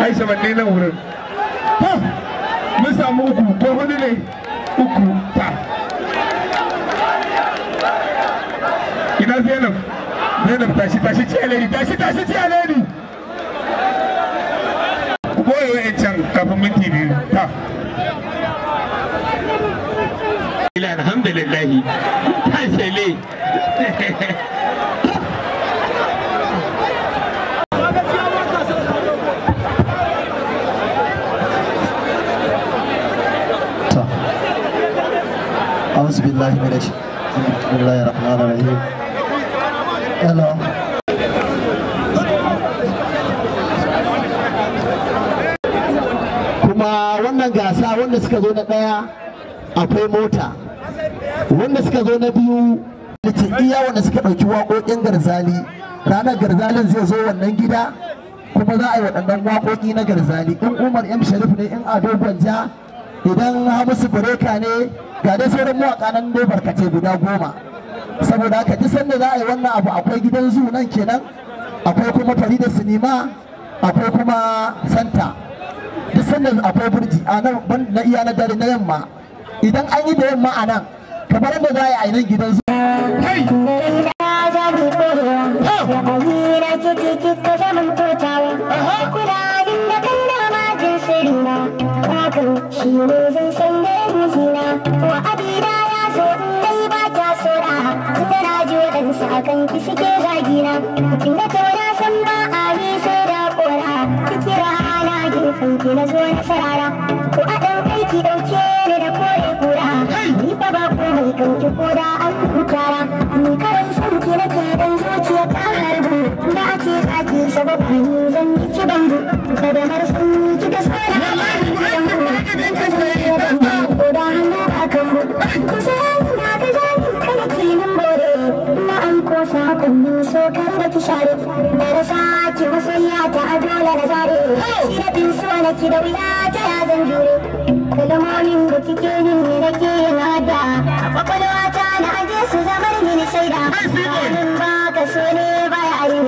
aisha ban ne nan wurin mun samu uku ko hudu ne uku ta ina zainab tashi tashi ce alheri tashi tashi ce alheri can kafin minti biyu ta أعوذ بالله من الله الرحمن الرحيم Hello. kuma wannan gasa wanda suka zo na ɗaya akwai mota wanda suka zo na biyu litin iya wanda suka ɗauki waƙoƙin garzali ranar garzalin zai zo wannan gida kuma za a yi waɗannan waƙoƙi na garzali in umar m sharif ne in ado gwanja idan hamisu bureka ne ga dai sauran mawaka nan dai barkace guda goma saboda haka duk sanda za a yi wannan abu akwai gidan zu nan kenan akwai kuma farida sinima akwai kuma santa duk sanda akwai burji a nan na iya na dare na yamma idan an yi da yamma a nan kamar da za a yi a nan gidan zu shi ne zai sanya mijina ko abida ya so kai ba ta sora tunda na ji waɗansu akan ki suke zagina kin ga na san ba a yi sai da kora ki kira na gefen ki na zo na so da ki share na rasa ki masoyiya ta a na zare na bin suwa na ki da wuya ta ya zan jure kalmomin da kike yin ni na ke yin hada kwakwalwa ta na aje su zamar mini shaida ranar ba ka so ne ba ya da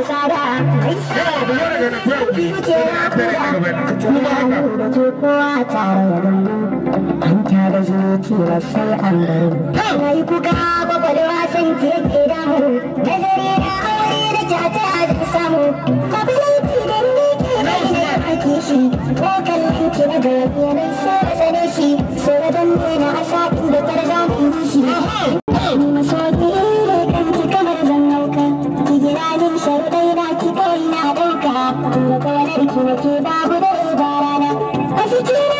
ke kowa tare da an sai an baro. Na yi kuka kwakwalwa sau ki ki rana kira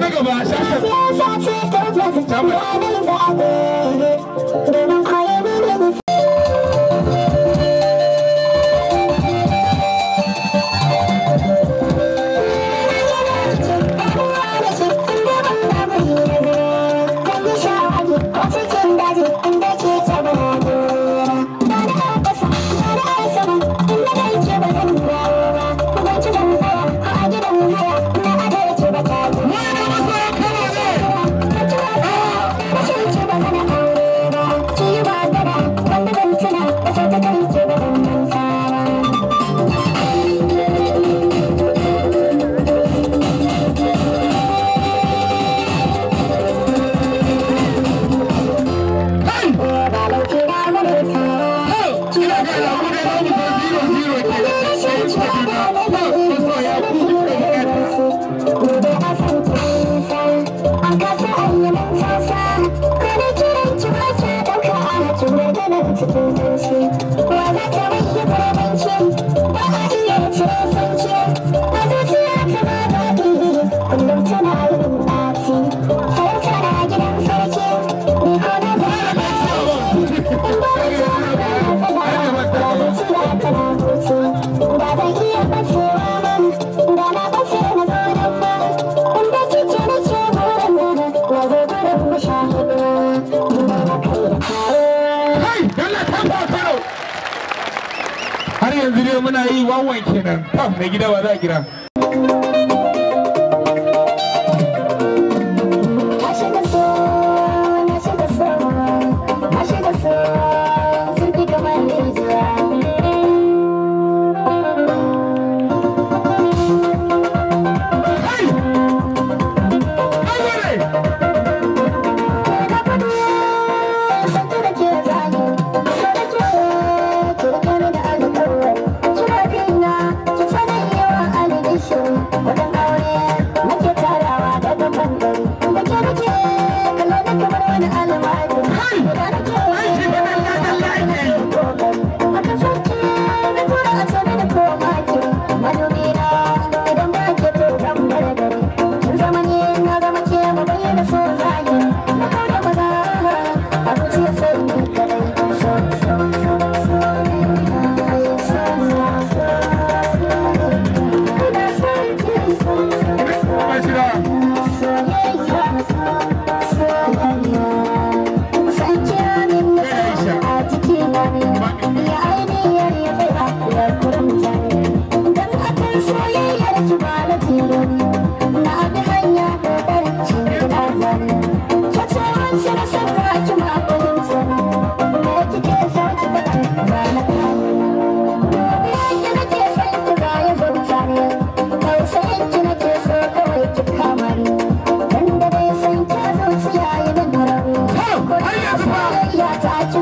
na gaba on. Baba. yanzu dai muna yi wawan kenan ta mai gida ba za a kira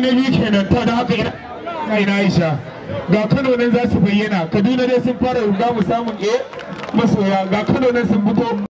ni na biyu kenan ta da haka ina aisha ga kano nan za su bayyana kaduna dai sun fara ruga mu samun eh masoya ga kano nan sun fito